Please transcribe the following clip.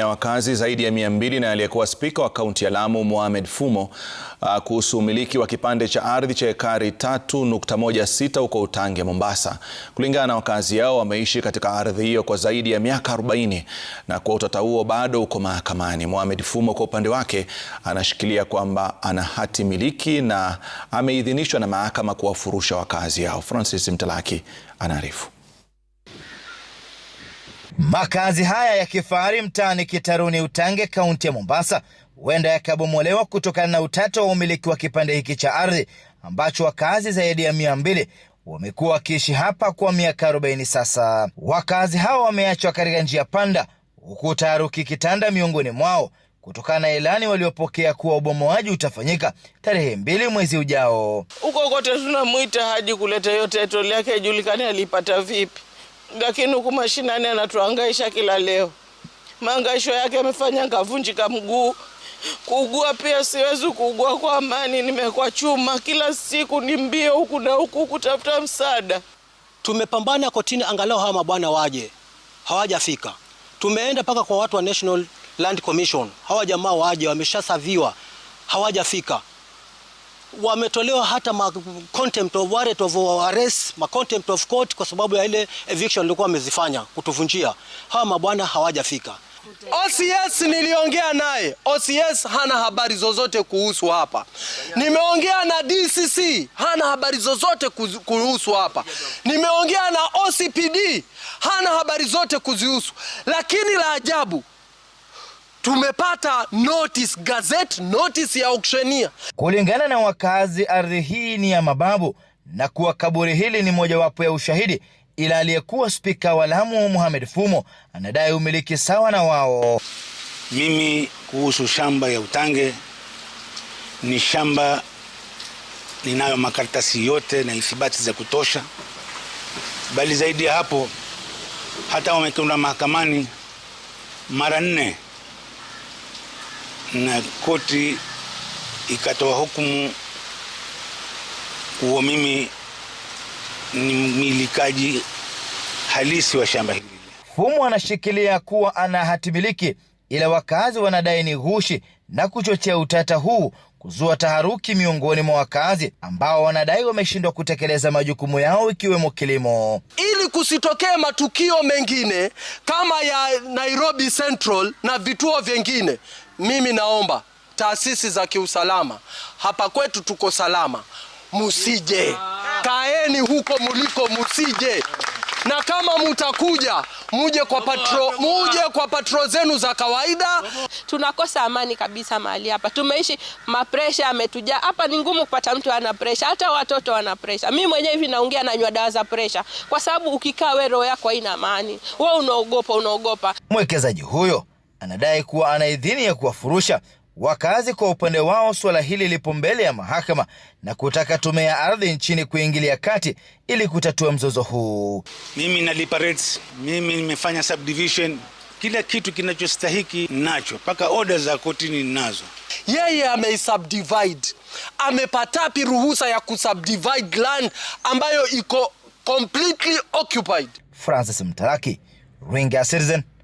na wakazi zaidi ya mia mbili na aliyekuwa spika wa kaunti ya Lamu Mohamed Fumo ah, kuhusu umiliki wa kipande cha ardhi cha ekari 3.16 huko Utange, Mombasa. Kulingana na wakazi hao, wameishi katika ardhi hiyo kwa zaidi ya miaka 40 na kwa utata huo bado uko mahakamani. Mohamed Fumo kwa upande wake anashikilia kwamba ana hati miliki na ameidhinishwa na mahakama kuwafurusha wakazi hao. Francis Mtalaki anaarifu. Makazi haya ya kifahari mtaani Kitaruni Utange, kaunti ya Mombasa, huenda yakabomolewa kutokana na utata wa umiliki wa kipande hiki cha ardhi ambacho wakazi zaidi ya mia mbili wamekuwa wakiishi hapa kwa miaka 40 sasa. Wakazi hao wameachwa katika njia panda, huku taharuki kitanda miongoni mwao kutokana na ilani waliopokea kuwa ubomoaji utafanyika tarehe mbili mwezi ujao. Huko kote tunamwita Haji kuleta hiyo title yake ijulikane alipata vipi lakini huku mashinani anatuangaisha kila leo. maangaisho yake amefanya ngavunjika mguu, kuugua pia siwezi kuugua kwa amani, nimekuwa chuma kila siku, ni mbio huku na huku kutafuta msaada. Tumepambana kotini, angalau hawa mabwana waje, hawajafika. Tumeenda mpaka kwa watu wa National Land Commission, hawa jamaa waje, wameshasaviwa, hawajafika wametolewa hata ma contempt of warrant of arrest, ma contempt of court kwa sababu ya ile eviction walikuwa wamezifanya kutuvunjia. Hawa mabwana hawajafika. OCS niliongea naye. OCS hana habari zozote kuhusu hapa. Nimeongea na DCC, hana habari zozote kuhusu hapa. Nimeongea na OCPD, hana habari zote kuzihusu. Lakini la ajabu tumepata notice, gazette notice ya auctioneer. Kulingana na wakazi, ardhi hii ni ya mababu na kuwa kaburi hili ni mojawapo ya ushahidi, ila aliyekuwa spika wa Lamu Mohamed Fumo anadai umiliki sawa na wao. Mimi kuhusu shamba ya Utange, ni shamba ninayo makaratasi yote na ithibati za kutosha, bali zaidi ya hapo hata wamekwenda mahakamani mara nne na koti ikatoa hukumu kuwa mimi ni mmilikaji halisi wa shamba hili. Fumo anashikilia kuwa ana hatimiliki, ila wakazi wanadai ni ghushi na kuchochea utata huu kuzua taharuki miongoni mwa wakazi ambao wanadai wameshindwa kutekeleza majukumu yao ikiwemo kilimo. Ili kusitokee matukio mengine kama ya Nairobi Central na vituo vyengine mimi naomba taasisi za kiusalama hapa kwetu, tuko salama, musije kaeni huko muliko, musije na kama mutakuja muje kwa patro, muje kwa patro zenu za kawaida. Tunakosa amani kabisa mahali hapa, tumeishi mapresha ametujaa hapa. Ni ngumu kupata mtu ana presha, hata watoto wana presha. Mimi mwenyewe hivi naongea nanywa dawa za presha, kwa sababu ukikaa wewe roho yako haina amani, wewe unaogopa, unaogopa. Mwekezaji huyo anadai kuwa ana idhini ya kuwafurusha wakazi. Kwa upande wao, suala hili lipo mbele ya mahakama na kutaka tume ya ardhi nchini kuingilia kati ili kutatua mzozo huu. Mimi nalipa mimi nimefanya subdivision kila kitu kinachostahiki nacho, mpaka oda za kotini nazo. Yeye ameisubdivide, amepatapi ruhusa ya kusubdivide land ambayo iko completely occupied. Francis Mtaraki, Ringa Citizen.